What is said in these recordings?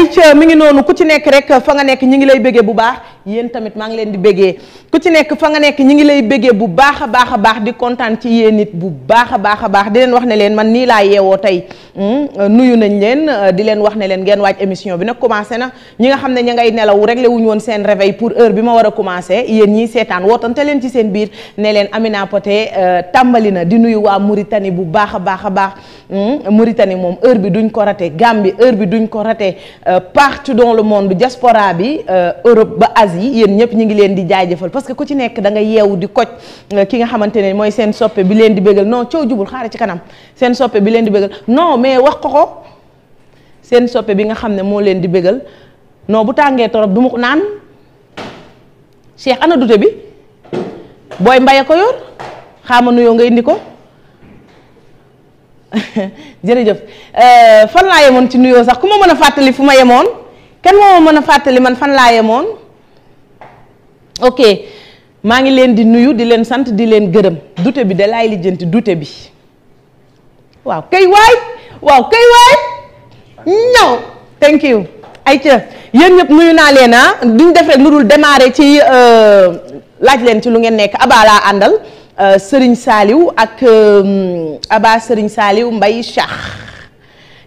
ay ca mi ngi noonu ku ci nekk rek fa nga nekk ñi ngi lay bëggee bu baax yéen tamit maa ngi leen di bëggee ku ci nekk fa nga nekk ñi ngi lay bëggee bu baax a baax a baax di kontaan ci yéen it bu baax a baax a baax di leen wax ne leen man nii laa yeewoo tey hmm? euh, nuyu nañ leen euh, di leen wax ne leen ngeen waaj émission bi nag commencé na ñi nga xam ne ña ngay nelaw réglé wuñu woon seen réveil pour heure bi ma war a commencé yéen ñiy seetaan wootante leen ci seen biir ne leen Amina Poté euh, tàmbali na di nuyu waa Mauritanie bu baax a baax a baax hmm? Mauritanie moom heure bi duñ ko raté Gambie heure bi duñ ko raté partout dans le monde diaspora bi Europe ba Asie yi yéen ñëpp ñu ngi leen di jaajëfal parce que ku ci nekk da nga yeewu di koj euh, ki nga xamante ne mooy seen soppe bi leen di bégal non coow ci kanam seen soppe bi leen di bégal non mais wax ko ko seen soppe bi nga xam ne moo leen di bégal non bu tàngee torop duma ko naan Cheikh ana dute bi booy mbaye ko yor xaama nuyoo nga indi ko jërëjëf euh, fan laa yemoon ci nuyoo sax ku ma mën a fàttali fu ma yemoon kenn moo ma mën a fàttali man fan laa yemoon ok maa ngi leen di nuyu di leen sant di leen gërëm dute bi da lijjanti dute bi waaw këy waay waaw kay waay ñaw thank you ayca yéen ñëpp nuyu naa leen ah duñ def rek lu dul démarrer ci euh, laaj leen ci lu ngeen nekk Aba laa àndal euh, Serigne saaliw ak euh, Aba sëriñ Saliou Mbaye Cheikh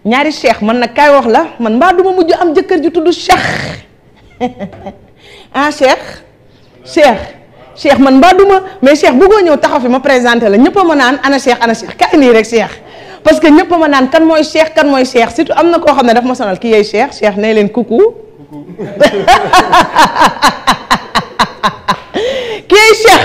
ñaari Cheikh man nag kay wax la man mbaa duma mujj am jëkkër ju tudd Cheikh ah Cheikh Cheikh Cheikh man mbaa duma mais Cheikh bëggoo ñëw taxaw fi ma présenté la ñëpp a ma naan ana Cheikh ana Cheikh kaay nii rek Cheikh. parce que ñëpp a ma naan kan mooy Cheikh kan mooy Cheikh surtout am na koo xam ne daf ma sonal ki yey Cheikh Cheikh nee leen kuku. kii Cheikh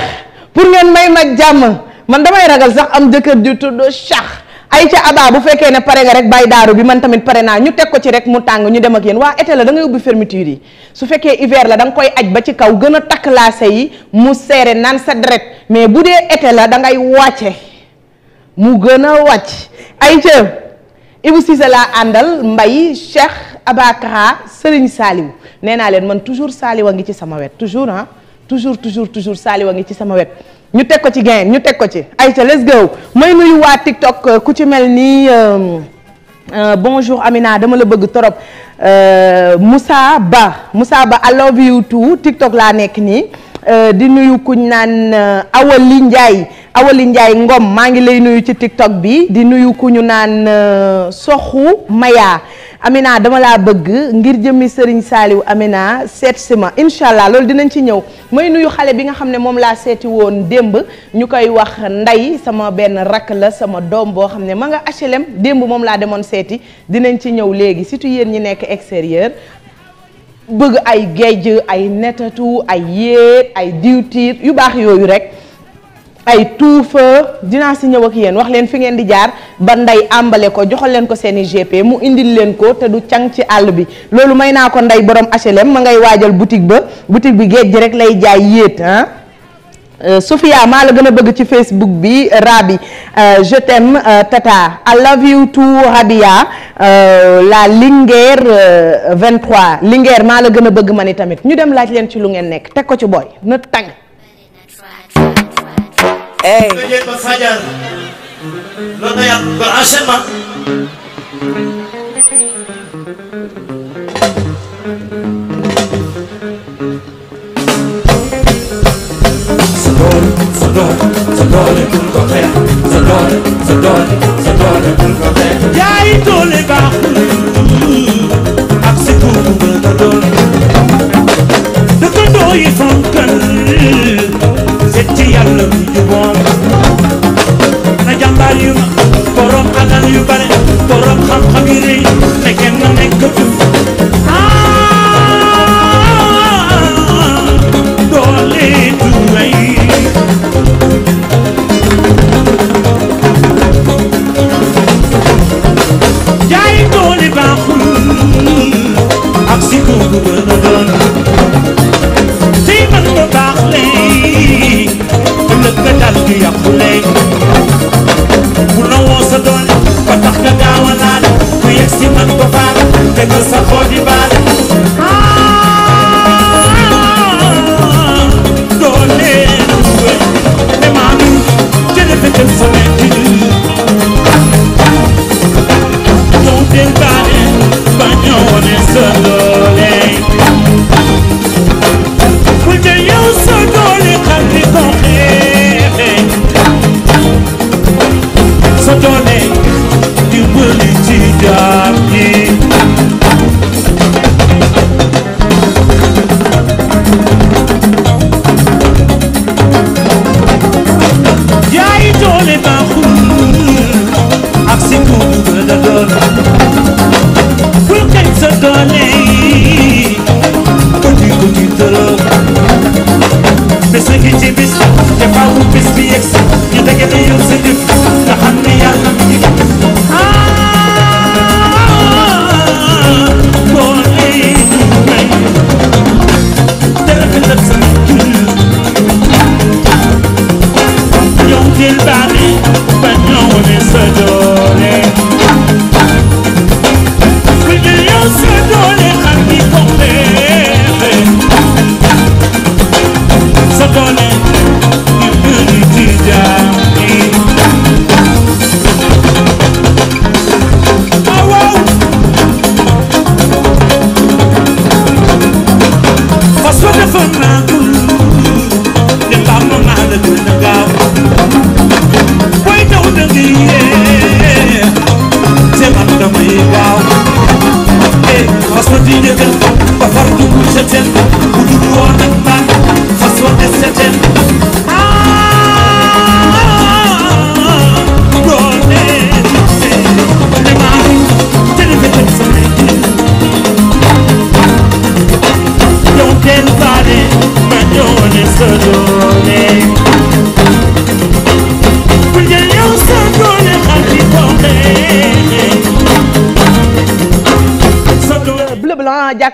pour ngeen may ma jàmm man damay ragal sax am jëkkër ju tudd Cheikh. ay ca abaa bu fekkee ne pare nga rek bàyyi daaru bi man tamit pare naa ñu teg ko ci rek mu tàng ñu dem ak yéen waa été la da ngay ubbi fermeture yi su fekkee hiver la da koy aj ba ci kaw gën a takk laase yi mu seere naan sa deret mais bu dee été la da ngay wàcce mu gën a wàcc ay ca Ibou Cissé laa àndal mbay Cheikh Abakara Serigne Saliou nee neenaa leen man toujours Saliou a ngi ci sama wet toujours ah toujours toujours toujours Saliou a ngi ci sama wet ñu teg ko ci gain ñu teg ko ci ayca let's go may nuyu waa TikTok euh, ku ci mel ni euh, euh, bonjour Amina dama la bëgg torop Moussa Ba Moussa Ba I love you too TikTok laa nekk nii di nuyu kuñ naan Awali Ndiaye Awali Ndiaye Ngom maa ngi lay nuyu ci TikTok bi di nuyu ku ñu naan euh, Soxu Maya Amina dama laa bëgg ngir jëmmi Serigne Saliou Amina seet si ma incha allah loolu dinañ ci ñëw may nuyu xale bi nga xam ne moom laa seeti woon démb ñu koy wax ndey sama benn rakk la sama doom boo xam ne ma nga HLM démb moom laa demoon seeti dinañ ci ñëw léegi surtout yéen ñi nekk extérieur bëgg ay gejj ay netetu ay yéet ay diwtiir yu baax yooyu rek. ay tuufeur dinaa si ñëw ak yéen wax leen fi ngeen di jaar ba nday àmbale ko joxal leen ko seeni GP mu indil leen ko te du cang ci àll bi loolu may naa ko nday borom HLM ma ngay waajal boutique ba boutique bi géej gi rek lay jaay yéet ah Euh, Sophia maa la gën a bëgg ci Facebook bi Rabi euh, je t'aime euh, Tata I love you too Rabia euh, la Linguère 23 euh, Linguère maa la gën a bëgg ma ni tamit ñu dem laaj leen ci lu ngeen nekk teg ko ci booy na tàng eyi joƴeɗo fajar lonoyam go asema dole kun kote sa dole sa dole sa dole kun kote yaay dole baaxul ak sa kuuru nga doon da ko dooyi fonkal seet ci yàlla mu juboon na jàmbaar yu ma borom alal yu bare borom xam-xam yu rëy nekkee na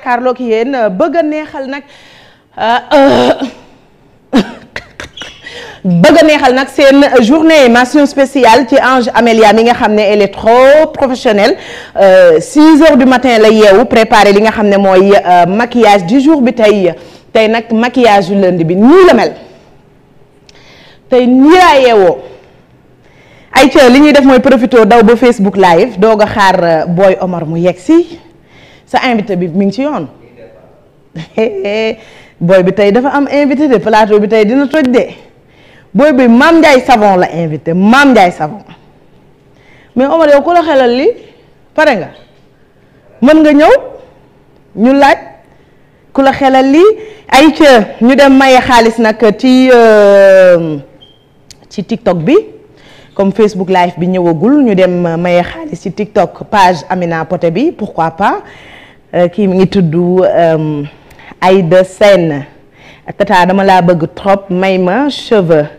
jàkkaarloog yéen euh, bëgg a neexal nag euh, bëgg a neexal nag seen journée mention spéciale ci Ange Amélia mi nga xam ne elle est trop professionnelle euh, six heures du matin la yeewu préparé li nga xam ne mooy maquillage du jour bi tey tey nag maquillage yu lundi bi nii la mel tey nii laa yeewoo ay ca li ñuy def mooy profito daw ba Facebook live doog xaar booy Omar mu yegg si sa invité bi mu ngi ci yoon booy bi tey dafa am invité de plateau bi tey dina toj de booy bi Mame Ndiaye Savon la invité maam Ndiaye Savon mais Omar yow ku la xelal li pare nga mën nga ñëw ñu laaj ku la xelal lii ay ca ñu dem maye xaalis nag ci euh, ci TikTok bi comme Facebook live bi ñëwagul ñu dem euh, maye xaalis ci TikTok page Amina Poté bi pourquoi pas Eh, kii mi ngi tudd um, Aïda Sène tata dama laa bëgg trop may ma cheveux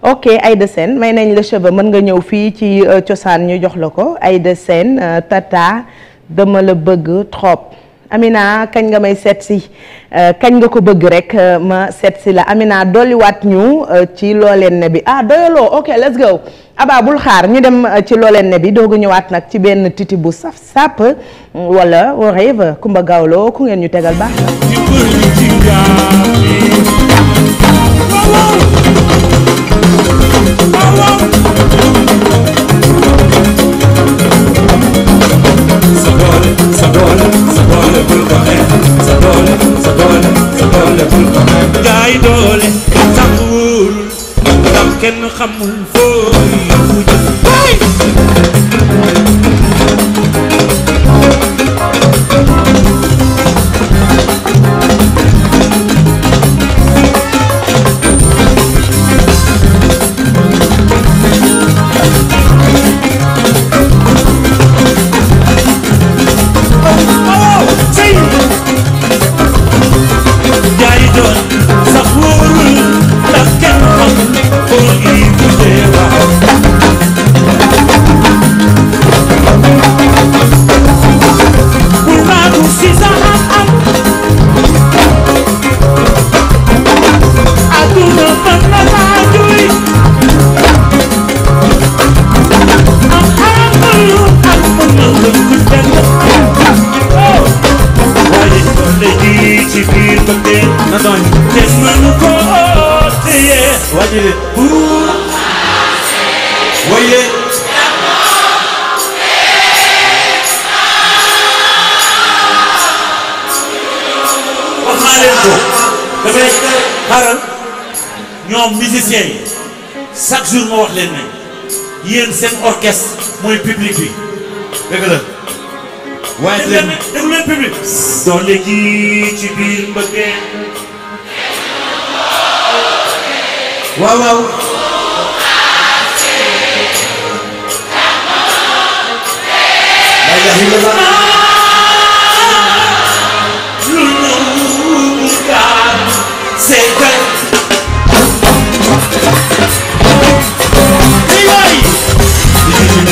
ok ay de Sène may nañ la cheveux mën nga ñëw fii ci euh, cosaan ñu jox la ko Aïda Sène euh, tata dama la bëgg trop Amina kañ nga may seet si euh, kañ nga ko bëgg rek ma seet si la Amina dolliwaat ñu ci loo ne bi ah doyaloo ok let's go abaabul bul xaar ñu dem euh, ci looleen ne bi doogu ñëwaat nag ci benn titi bu saf sàpp mm, wala au rêve Kumba Gawlo ku ngeen ñu tegal baax sa doole sa doole kenn xamul fooy xaaral ñoom musiciens yi chaque ma wax leen ne yéen seen orchestre mooy public bi dëgg la. waaye déglu déglu leen public. doole ji ci biir mbëggeel.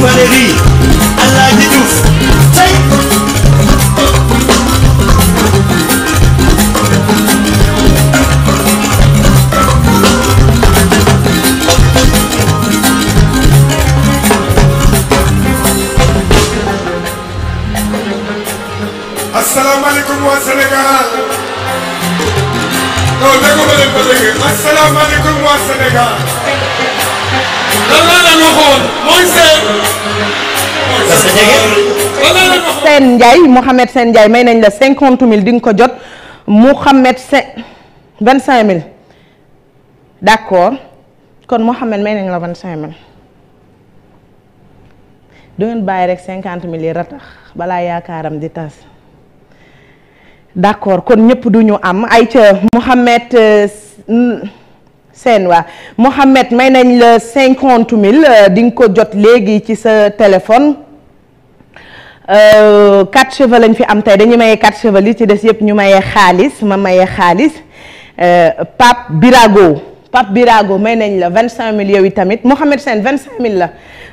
Valérie Alaaji Diouf tey asalaamaaleykum waa Sénégal non dégg nga ma leen ko déggee asalaamaaleykum waa Sénégal loolu la ñu waxoon mooy seen. parce may nañ la cinquante mille di nga ko jot Mouhamed Sène vingt cinq mille d'accord kon Mouhamed may nañ la vingt cinq mille. du ngeen bàyyi rek cinquante mille yi ratax balaa yaakaaram di tas d'accord kon ñëpp du ñu am ay ca Mouhamed. Euh, seen waa Mohamed may nañ la cinquante mille euh, di nga ko jot léegi ci sa téléphone euh, quatre cheveux lañ fi am tey dañu maye quatre cheveux li ci des yëpp ñu maye xaalis ma maye xaalis euh, Pape Birago Pape Birago may nañ la vingt cinq mille yow tamit Mohamed seen vingt cinq mille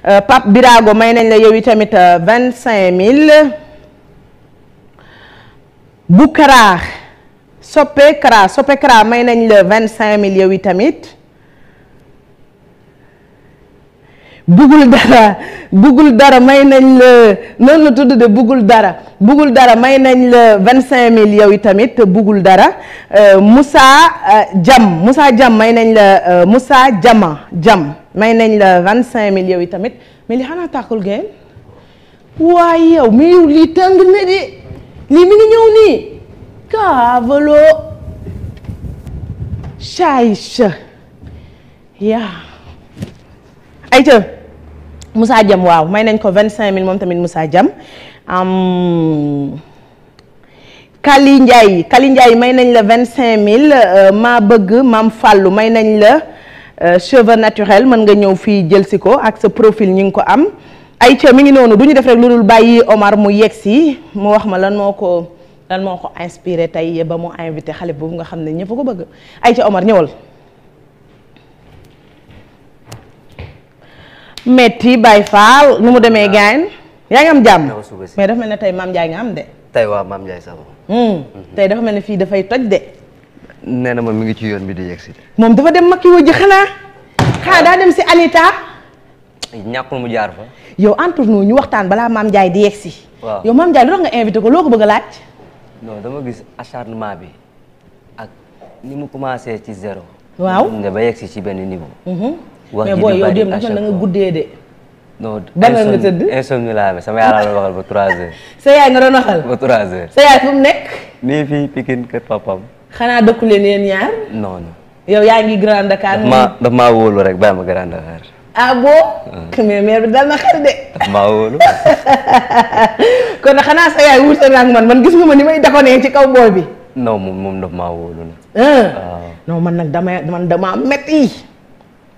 la Pape Birago may nañ la yow tamit vingt cinq mille Boukaraar soppe kra soppe kra may nañ la vingt cinq mille yow yi tamit bugul dara bugul dara may nañ la noonu la tudd dara bugul dara may nañ la cinq mille yow yi tamit buggul dara euh, Moussa euh, Jam musaa Jam may nañ la euh, Moussa Jama Jam may nañ la vingt cinq mille yow yi tamit mais li xanaa tàkkul geen waaye yow mais yow lii tàng na di lii mi ngi ñëw nii Kavalo Chaïcha yaa ayca Moussa jam waaw may nañ ko vingt cinq mille moom tamit Moussa Diam Kali Ndiaye Kali Ndiaye may nañ la vingt cinq mille euh, ma bëgg maam Fallou may nañ la euh, cheveux naturel mën nga ñëw fii jël si ko ak sa profil ñu ngi ko am ay ayca mi ngi noonu du ñu def rek lu dul bàyyi Omar mu yegg si mu wax ma lan moo ko lan moo ko inspiré tey ba mu invité xale boobu nga xam ne ñëpp ko bëgg ay ca Omar ñëwal. metti Baye Fall nu mu demee ah. gaañ. yaa ngi am jàmm mais dafa mel ne tey Mame Ndiaye nga am de. tey waa Mame Ndiaye sax moom. Hmm. Mhm. tey dafa mel ne fii dafay toj de. nee na ma mi ngi ci yoon bi di yegg moom dafa dem makki woo ji xanaa. Ah. xaa daa dem si Anita. ñàkkul mu jaar fa. yow entre nous ñu waxtaan balaa Mame Ndiaye di yegg si. waaw yow Mame Ndiaye lu tax nga invité ko loo ko bëgg a laaj. non dama gis acharnement bi ak ni mu commencé ci zéro. waaw nga ba yegsi ci benn niveau. Mhm. wax ji mais na nga guddee de. non nga tëdd insomnie laa amee sama yaay la waxal ba 3 heures. sa yaay nga doon waxal. ba 3 heures. sa yaay fu nekk. nii fii Pikine kër papam xanaa dëkku leen yéen ñaar. non non. yow yaa ngi Grand Dakar. daf maa daf maa wóolu rek bàyyi ma Grand Dakar. ah boo. mais mère bi dal na xel de. kon xanaa sa yaay wuute na man man gis nga ma ni may dakonee ci kaw booy bi. non moom ma daf maa wóolu na. Ah. Ah. non man nag dama man damaa métti.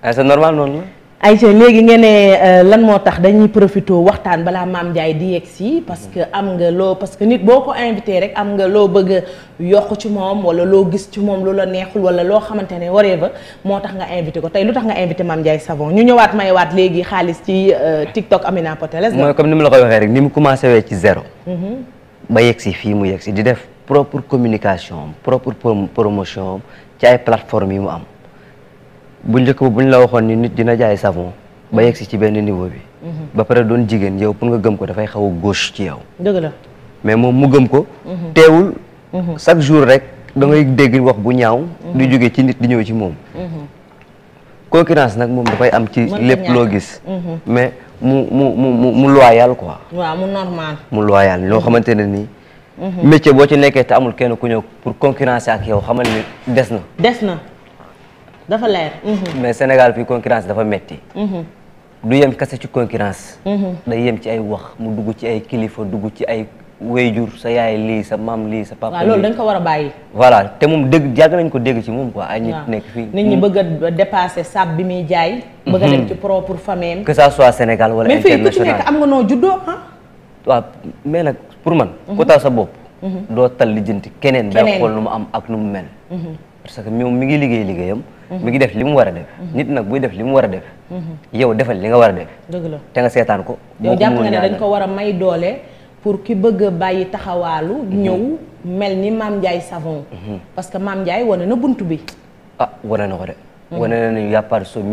ah eh, normal noonu la. Aïcha léegi ngeen ne euh, lan moo tax dañuy profité waxtaan balaa Maam Ndiaye di yegg si parce que am nga loo parce que nit boo ko invité rek am nga loo bëgg a ci moom wala loo gis ci moom lu la neexul wala loo xamante ne waree ba moo tax nga invité ko tey lu tax nga invité Maam Ndiaye Savon ñu may waat léegi xaalis ci euh, TikTok Amina Poteles. mooy comme ni mu la ko waxee rek ni mu commencé wee ci zéro. Mm-hmm. ba yegg si fii mu yegg si di def propre communication propre promotion ci ay plateformes yi mu am. bu jëkk ba bu ñu la waxoon ni nit dina jaay savon ba yegg si ci benn niveau bi. Mhm. ba pare doon jigéen yow pour nga gëm ko dafay xaw a gauche ci yow. mais moom mu gëm ko. Mhm. teewul mhm. chaque jour rek da ngay dégg bu ñaaw. du jóge ci nit di ñëw ci moom. concurrence nag moom dafay am ci lépp loo gis. mais mu mu mu mu mu loyal quoi. mu loyal loo xamante ne nii. métier boo ci nekkee te amul kenn ku ñëw pour concurrence ak yow xamal ni des na. des na. dafa leer. Mm-hmm. mais Sénégal fii concurrence dafa metti mm-hmm. du yem kase ci concurrence. Mm-hmm. da yem ci ay wax mu dugg ci ay kilifa dugg ci ay wéyjur sa yaay lii sa mam lii sa papa. waaw loolu dañ ko war a bàyyi. voilà te moom dégg yàgg nañ ko dégg ci moom quoi. ay nit nekk fii nit ñi mm. bëgg a dépasser bi muy jaay. bëgg a dem ci propre famille que ça soit Sénégal wala international mais noo juddoo ah. waaw mais nag pour man. ku taal sa bopp. doo tal lijjanti keneen. keneen daa nu mu am ak nu mu mel. parce que moom mi ngi liggéey liggéeyam. mi ngi def li mu war a def nit nag buy def li mu war a def yow defal li nga war a def dëgg te nga seetaan ko yow jàpp nga dañ ko war a may doole pour ki bëgg a bàyyi taxawaalu mhm. ñëw mel ni Mame Ndiaye Savon mhm. parce que Mame Ndiaye wane na bunt bi ah wane na ko de mhm. wane na ne y'a pas son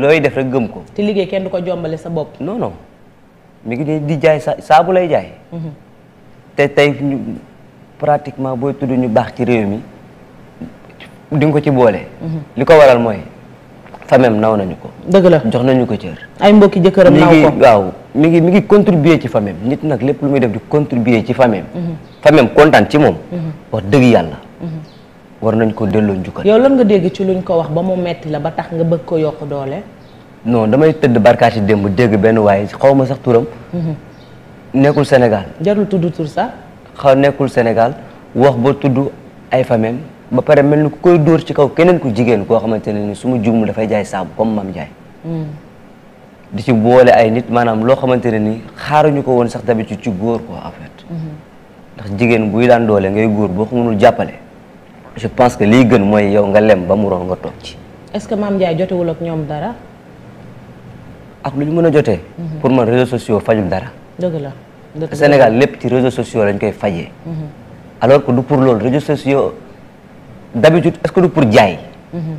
looy def rek gëm ko te liggéey kenn du ko jombale sa bopp non mu mi ngi di jaay sa saabu lay jaay te tey pratiquement booy tudd ñu baax ci réew mi di nga ko ci boole. Mhm. li ko waral mooy famem naw nañu ko. dëgg la jox nañu ko cër. ay mbokki jëkkëram naw ko waaw mi ngi mi ngi contribuer ci famem nit nag lépp lu muy def di contribuer ci famem. Mhm. famem kontaan ci moom. Mhm. wax dëgg yàlla. war nañ ko delloo njukkal. yow lan nga dégg ci luñ ko wax ba mu metti la ba tax nga bëgg ko yokk doole. non damay tëdd barkaati démb dégg benn waaye xaw ma sax turam. nekkul Sénégal. jarul tudd tur sax. xaw nekkul Sénégal wax ba tudd ay ba pare mel ni ku koy dóor ci kaw keneen ku jigéen koo xamante ne ni su ma jumul dafay jaay saabu comme mam jaay hmm. di ci boole ay nit maanaam loo xamante ne ni xaaruñu ko woon sax d'habitude ci góor ko en hmm. ndax jigéen buy daan doole ngay góor boo ko jàppale je pense que lii gën mooy yow nga lem ba mu roon nga toog ci est-ce que Mame Ndiaye jotewul ak ñoom dara ak lu ñu mën a jotee hmm. pour man réseaux sociaux fajul dara dëgg la Sénégal lépp ci réseaux sociaux lañ koy fajee pour loolu réseaux d'habitude est-ce que du pour jaay. Mhm.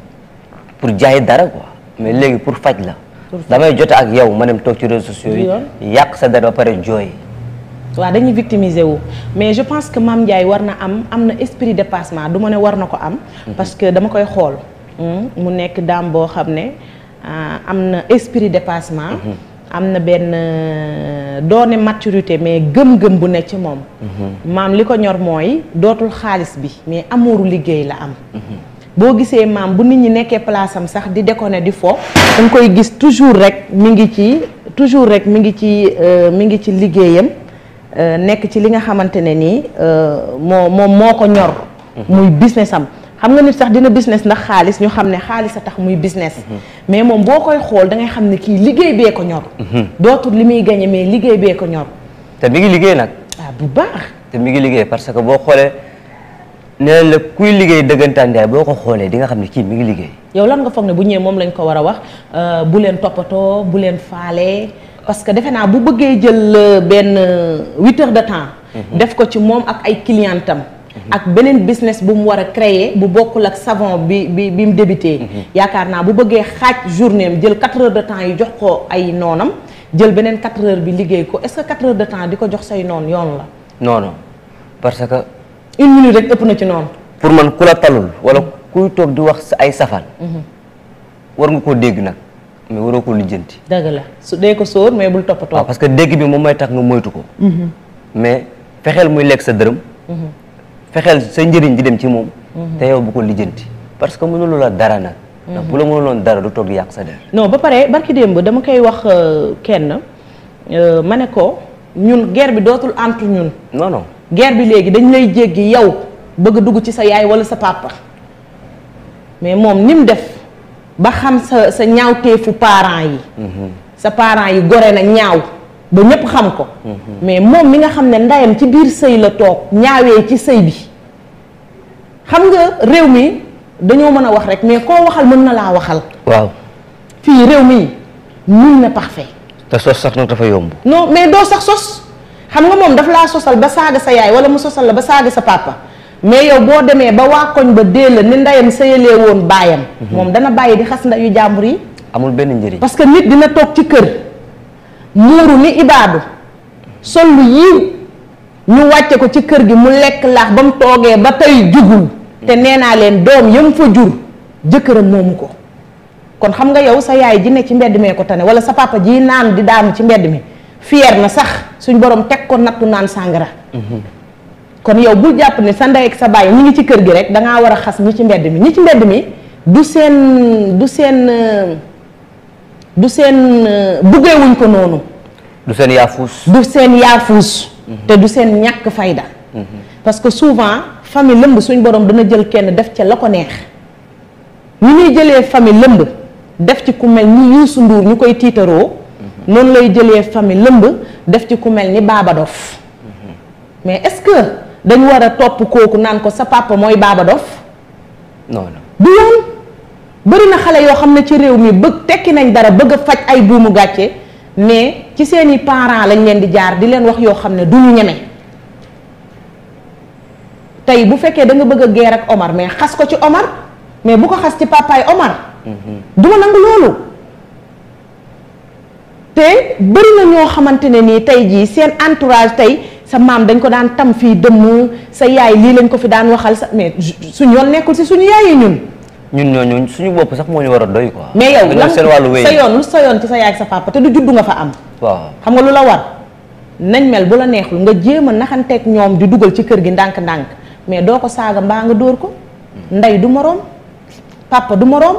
pour jaay dara ko mais léegi pour faj la. damay jot ak yow ma dem toog ci réseaux sociaux yi. yàq sa dara ba pare jooy. waaw dañuy victimiser wu mais je pense que maam Ndiaye war na am am na esprit dépassement du ma ne war na ko am. Mhm. parce que dama koy xool. Hmm? mu nekk daam boo xam ne ah, am na esprit dépassement. Mhm. am na benn euh, doone maturité mais gëm-gëm bu ne ci moom mm-hmm. maam li ko ñor mooy dootul xaalis bi mais amuuru liggéey la am mm-hmm. boo gisee maam bu nit ñi nekkee place sax di déconner di fo danga koy gis toujours rek mi ngi ci toujours rek mi ngi ci euh, mi ngi ci liggéeyam euh, nekk ci li nga xamante ne nii moo moom moo ko ñor mm-hmm. muy business xam nga nit sax dina business ndax xaalis ñu xam ne xaalis a tax muy business. Mhm. mais moom boo koy xool dangay xam ne kii liggéey bee ko ñor. Mhm. dootul li muy gañe mais liggéey bee ko ñor. te mi ngi liggéey nag. ah bu baax. te mi ngi liggéey parce que boo xoolee nee la kuy liggéey dëggantaan daay boo ko xoolee di nga xam ne kii mi ngi liggéey. yow lan nga foog ne bu ñëwee moom lañ ko war a wax euh, bu leen toppatoo bu leen faale parce que defe naa bu bëggee jël euh, benn euh, huit heures temps. Mhm. def ko ci moom ak ay clientam ak beneen business bu mu war a créer bu bokkul ak savon bi bi bi mu débuté. Mhm. yaakaar naa bu bëggee xaaj journée jël 4 heures de temps yi jox ko ay noonam jël beneen 4 heures bi liggéey ko est-ce que 4 heures de temps di ko jox say noon yoon la. non non parce que. une minute rek ëpp na ci noonu. pour man ku la talul wala mhm. kuy toog di wax sa ay safal. Mhm. war nga koo dégg nag mais waroo ko lijjanti. dëgg la su dee ko sóor mais bul toppatoo. waaw parce que dégg bi moom mooy tax nga moytu ko. mais fexeel muy lekk sa dërëm. fexeel sa njëriñ di dem ci moom mhm. te yow bu ko lijjanti parce que mënulu la dara na mhm. ndax bu la mënuloon dara du toog yàq sa der non ba pare barki démb dama koy wax euh, kenn euh, ma ne ko ñun guerre bi dootul entre ñun non non bi léegi dañ lay jéggi yow bëgg dugg ci sa yaay wala sa papa mais moom ni mu def ba xam sa sa ñaawteefu parents yi mhm. sa parents yi gore na ñaaw ba ñëpp xam ko. Mhm. mais moom mi nga xam ne ndeyam ci biir sëy la toog ñaawee ci sëy bi xam nga réew mi dañoo mën a wax rek mais koo waxal mën na laa waxal. waaw fii réew mi nul n'est parfait. te sos sax nag dafa yomb. non mais doo sax sos xam nga moom daf laa sosal ba saaga sa yaay wala mu sosal la ba saaga sa papa mais yow boo demee ba waa koñ ba dee la ni ndeyam sëyalee woon baayam. Mhm. moom dana bàyyi di xas yu jàmbur yi. amul benn njëriñ. parce que nit dina toog ci kër. muuru ni ibaadu sol lu yiw ñu wàcce ko ci kër gi mu lekk laax ba mu toogee ba tey jugul te nee naa leen doom yam fa jur jëkkëram moomu ko kon xam nga yow sa yaay ji ne ci mbedd mee ko tane wala sa papa ji naan di daanu ci mbedd mi fier na sax suñ borom teg ko nattu naan sàngara mhm. kon yow bul jàpp ni sa ndey ak sa baay ñi ngi ci kër gi rek dangaa war a xas ñi ci mbedd mi ñi ci mbedd mi du seen du seen euh, du seen euh, buggeewuñ ko noonu. du seen yaafuus. du seen yaafuus. Mhm. te du seen ñàkk fayda. Mhm. parce que souvent famille lëmb suñ borom dana jël kenn def ca la ko neex. ni ñuy jëlee famille lëmb def ci ku mel ni ñu koy tiitaroo. Mhm. noonu lay jëlee famille lëmb def ci ku mel ni Baba Dof. mais est-ce que dañ war a topp kooku naan ko sa papa mooy Baba Dof. du yoon. bëri na xale yoo xam ne ci réew mi bëgg tekki nañ dara bëgg a faj ay buumu gàcce mais ci seeni parent lañ leen di jaar di leen wax yoo xam ne du ñu ñeme tey bu fekkee danga bëgg a guerre ak Omar mais xas ko ci Omar mais bu ko xas ci papaay Omar. Mhm. du ma nangu loolu. te bëri na ñoo xamante ne nii tey jii seen entourage tey sa maam dañ ko daan tam fii dëmm sa yaay lii lañ ko fi daan waxal sa mais suñu yoon nekkul si suñu yaay yi ñun. ñun ñooñu suñu bopp sax moo ñu war a doy quoi. mais yow lan seen wàllu wéy sa yoon lu sa yoon ci sa yaay ak sa papa te du juddu nga fa am. xam nga lu la war nañ mel bu la neexul nga jéem a naxanteeg ñoom di dugal ci kër gi ndànk-ndànk mais doo ko saaga mbaa nga dóor ko. Hmm. ndey du moroom papa du moroom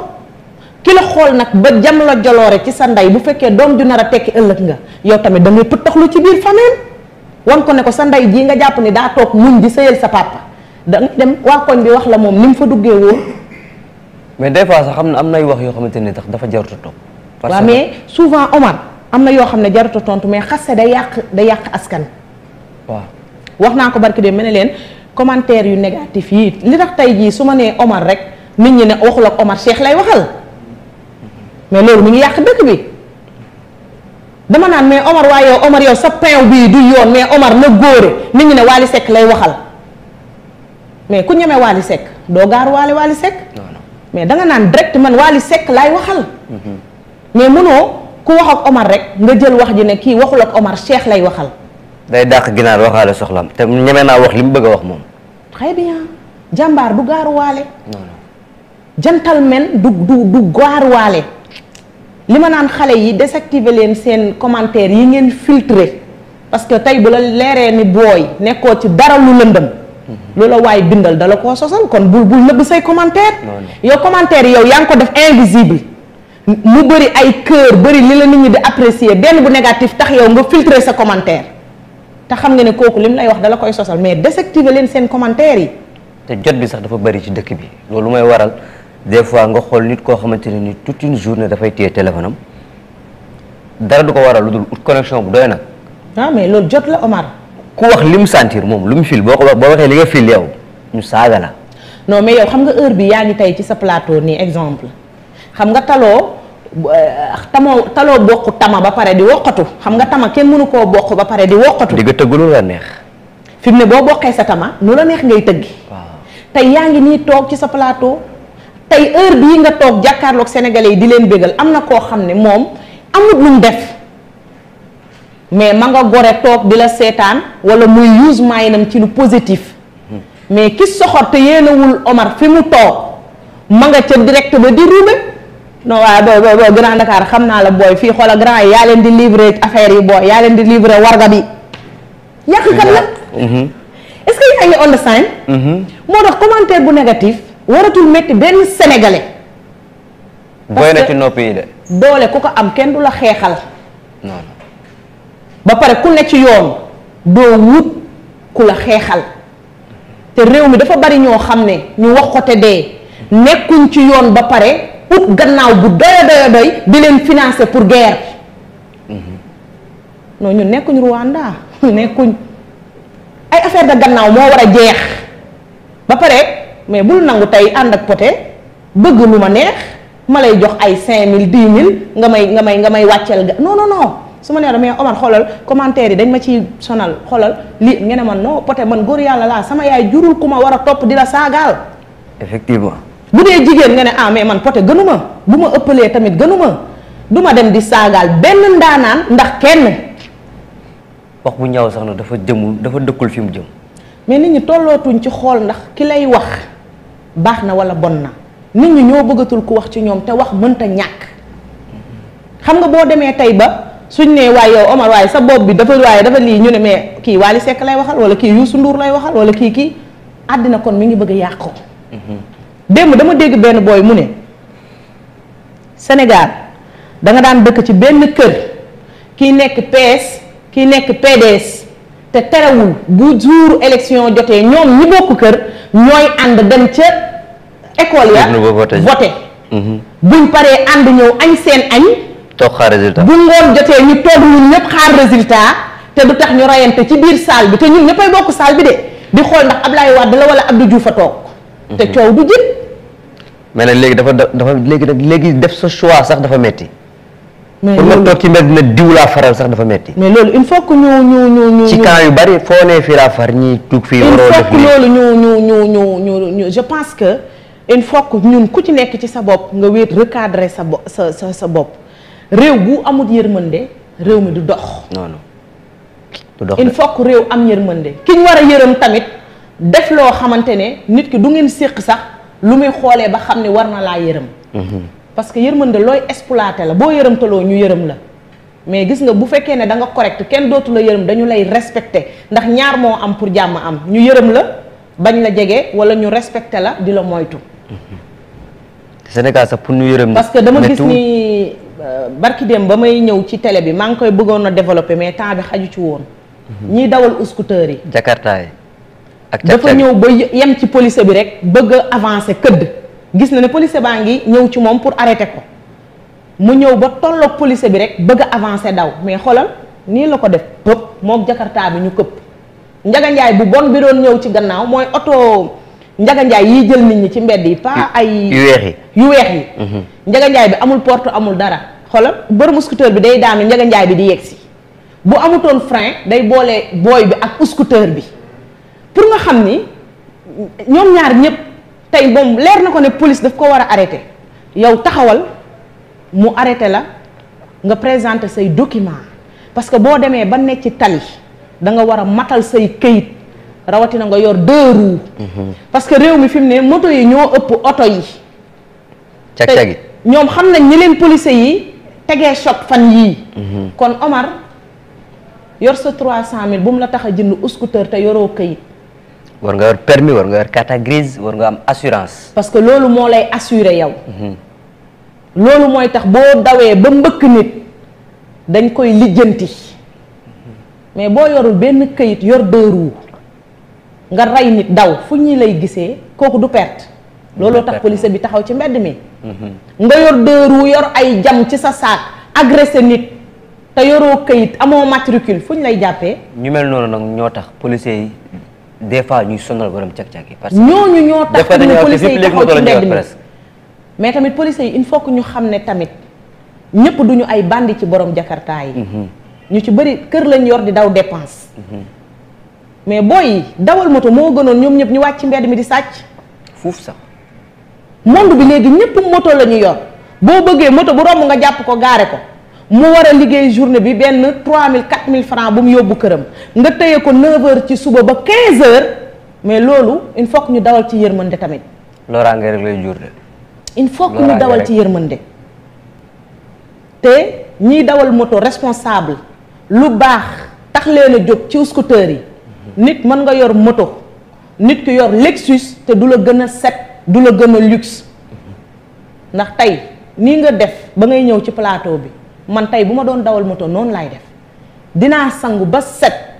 ki la xool nag ba jam la joloore ci sa ndey bu fekkee doom ju nar tekki ëllëg nga yow tamit da ngay pëttaxlu ci biir famille wan ko ne ko sa ndey jii nga jàpp ni daa toog muñ di sëyal sa papa da dem waa koñ bi wax la moom ni mu fa duggee woon. mais des fois sax xam na am nay wax yoo xamante ne tax dafa jarut a toog. mais souvent Omar am na yoo xam ne jarut a tontu mais xase da yàq da yàq askan. waaw wax naa ko barki de mel ne leen commentaire yu négatif yi li tax tey jii su ma nee Omar rek nit ñi ne waxul ak Omar Cheikh lay waxal mais loolu mu yàq dëkk bi. dama naan mais Omar waaye yow bii du mais Omar na góore nit ñi ne Wally Seck lay waxal mais ku ñeme Wally sekk doo gaar waale Wally Seck mais danga naan direct man Wally sekk laay waxal. mais mënoo ku wax ak Omar rek nga jël wax ji ne kii waxul ak Omar Cheikh lay waxal. day dàq ginaar waxaale soxlam te mu ñeme naa wax li mu bëgg a wax moom. bi bien jàmbaar du gaaruwaale. gentleman du du du gaaruwaale. li ma naan xale yi désactiver leen seen commentaire yi ngeen filtrer parce que tey bu la leeree ni booy nekkoo ci dara lu lëndëm. lu la waay bindal dala koo sosal kon bul bul nëbb say commentaire yow commentaire yow yaa ngi ko def invisible mu bëri ay cœur bëri li la nit ñi di apprécier benn bu négatif tax yow nga filtrer sa commentaire te xam nga ne kooku lim lay wax dala koy sosal mais désactiver leen seen commentaire yi te jot bi sax dafa bëri ci dëkk bi loolu mooy waral des fois nga xool nit koo xamante ne ni toute une journée dafay téye téléphone am dara du ko waral lu dul ut connexion bu doy nag ah mais loolu jot la Omar ku wax li mu sentir moom lu mu fil boo ko boo waxee li nga fil yow ñu saaga la. non ma yow xam nga heure bi yaa ngi tey ci sa plateau nii exemple xam nga taloo euh, tamoo taloo bokk tama ba pare di woqatu xam nga tama kenn mënu koo bokk ba pare di woqatu. di nga tëgg lu la neex. fi mu ne boo bokkee sa tama nu la neex ngay tëggi. waaw tey yaa ngi nii toog ci sa palaato tey heure bii nga toog jàkkaarlook sénégalais yi di leen bégal am na koo xam ne moom amut lu mu def. mais ma nga gore toog di la seetaan wala muy use maayinam ci lu positif mais ki soxor te yéenewul Omar fi mu toog ma nga ca direct ba di ruube non waaye booy booy booy Grand Dakar xam naa la booy fii xoola grand yi yaa leen di livrer affaire yi booy yaa leen di livrer warga bi yàqkat la mm-hmm. est-ce que yaa ngi understand mm-hmm. moo tax commentaire bu négatif waratul métti benn sénégalais booy na ci noppi yi de doole ku ko am kenn du la xeexal ba pare ku ne ci yoon doo wut ku la xeexal te réew mi dafa bari ñoo xam ne ñu wax ko te dee nekkuñ ci yoon ba pare ut gannaaw bu doya doya doy di leen financer pour guerre mm-hmm. non ñun nekkuñ Rwanda nekkuñ ay affaire da gannaaw moo war a jeex ba pare mais bul nangu tey ànd ak poté bëgg lu ma neex ma lay jox ay cinq mille dix mille nga may nga may nga may wàcceel ga non non su ma nee la mais Omar xoolal commentaire yi dañ ma ciy sonal xoolal li ngeen ne man noo peut man góor yàlla laa sama yaay jurul ku ma war a topp di la saagaal. effectivement. bu dee jigéen nga ne ah mais man peut-être gënu bu ma ëppalee tamit gënu ma du ma dem di saagaal benn ndaanaan ndax kenn. wax bu ñaw sax na dafa jëmul dafa dëkkul fi mu jëm. mais nit ñi tollootuñ ci xool ndax ki lay wax baax na walla bon na nit ñi ñoo bëggatul ku wax ci ñoom te wax mënta ñàkk xam nga boo demee tey ba. suñ nee waay yow Omar waaye sa bopp bi dafa waaye dafa lii ñu ne mais kii Wally Seck lay waxal wala kii Youssou Ndour lay waxal wala kii kii àddina kon mi ngi bëgg a yàqu. Mhm. démb dama dégg benn booy mu ne Sénégal danga daan dëkk ci benn kër kii nekk PS kii nekk PDS te terewul bu jour élection jotee ñoom ñi bokk kër ñooy ànd dem ca ecole ya voté mhm. buñ paree ànd ñëw añ seen añ toog xaar résultat bu ngoon jotee ñu toog ñun ñëpp xaar résultat te du tax ñu rayante ci biir salle bi te ñun ñëppay bokk salle bi de di xool ndax Ablaye Wade la wala Abdou Diouf a toog. te mhm. coow du jëm. mais léegi dafa dafa léegi nag léegi def sa choix sax dafa metti mais pour nga toog ci na diw laa faral sax dafa metti mais loolu il faut ñu ñu ñu ñu. yu bari foo nee fii laa far ñi tuug fii. ñu ñu je pense que il faut ñun ku ci nekk ci sa bopp nga wéet recadrer sa sa sa sa bopp. réew bu amut yërmande réew mi du dox. non non du il faut réew am yërmande ki ñu war a yërëm tamit def loo xamante ne nit ki du ngeen séq sax lu muy xoolee ba xam ne war na laa yërëm. Mhm. parce que yërmande looy exploité la boo yërëmtaloo ñu yërëm la. mais gis nga bu fekkee ne da nga correct kenn dootu la yërëm dañu lay respecté ndax ñaar moo am pour jàmm am ñu yërëm la bañ la jege wala ñu respecté la di la moytu. Mhm. pour ñu parce que dama gis ni Euh, barki dem ba may ñëw ci tele bi maa ngi koy bëggoon a développé mais temps bi xaju ci woon. Mhm. ñiy dawal uskuteer yi. jakarta yi ak dafa ñëw ba yem ci police bi rek bëgg a këdd. gis na ne police baa ngi ñëw ci moom pour arrêter ko mu ñëw ba tolloog police bi rek bëgg a daw mais xoolal nii la ko def pëpp moog jakarta bi ñu këpp. njaganjaay bu bon bi doon ñëw ci gannaaw mooy oto njaganjaay yiy jël nit ñi ci mbedd yi. pas ay yu weex yi yu weex yi. Mhm. njaganjaay bi amul porte amul dara. xoolal bër scooter bi day daanu njaga njaay bi di yegg si bu amutoon frain day boole booy bi ak scooter bi pour nga xam ni ñoom ñaar ñëpp tey moom leer na ko ne police daf ko war a arrêté yow taxawal mu arrêté la nga présenté say document parce que boo demee ba nekk ci tali da nga war a matal say këyit rawatina nga yor deux roues. Mhm. que réew mi fi mu ne moto yi ñoo ëpp oto yi. cag cag ñoom xam nañ ñi leen policiers yi tegee choc fan yii. Mhm. kon Omar yor sa 300000 bu mu la tax a jënd scooter te yoroo kayit war nga yor permis war nga yor carte grise war nga am assurance. parce que loolu moo lay assuré yow. Mhm. loolu mooy tax boo dawee ba mbëkk nit dañ koy lijjanti mhm. mais boo yorul benn kayit yor deux roues nga rey nit daw fu ñu lay gisee kooku du perte. looloo tax police bi taxaw ci mbedd mi. nga yor deux roues yor ay jam ci sa saak agressé nit te yoroo kayit amoo matricule fu ñu lay jàppee. ñu mel noonu nag ñoo tax policiers yi des fois ñuy sonal borom càq-càq yi. parce que ñooñu ñoo tax ñu policiers yi taxaw ci mbedd mi mais tamit policiers yi il faut ñu xam ne tamit ñëpp ñu ay bandi ci borom jakarta yi. Mhm. ñu ci bëri kër lañ yor di daw dépense. Mhm. mais booy dawal moto moo gënoon ñoom ñëpp ñu wàcc ci mbedd mi di sàcc. fuuf sax. monde bi léegi ñëpp moto la ñu yor boo bëggee moto bu romb nga jàpp ko gaare ko mu war a liggéey journée bi benn trois 3000 4000 francs bu mu yóbbu këram nga tëye ko 9h ci suba ba 15h mais loolu il faut ñu dawal ci yërmande tamit. loraange rek lay jur il faut que ñu dawal ci yërmande te ñiy dawal moto responsable lu baax tax leen a jóg ci scooter yi. Mhm. nit mën nga yor moto. nit ki yor Lexus te du la gën a set. du la gën a luxe ndax tey nii nga def ba ngay ñëw ci palaato bi man tey bu ma doon dawal moto noonu laay def dinaa sangu ba set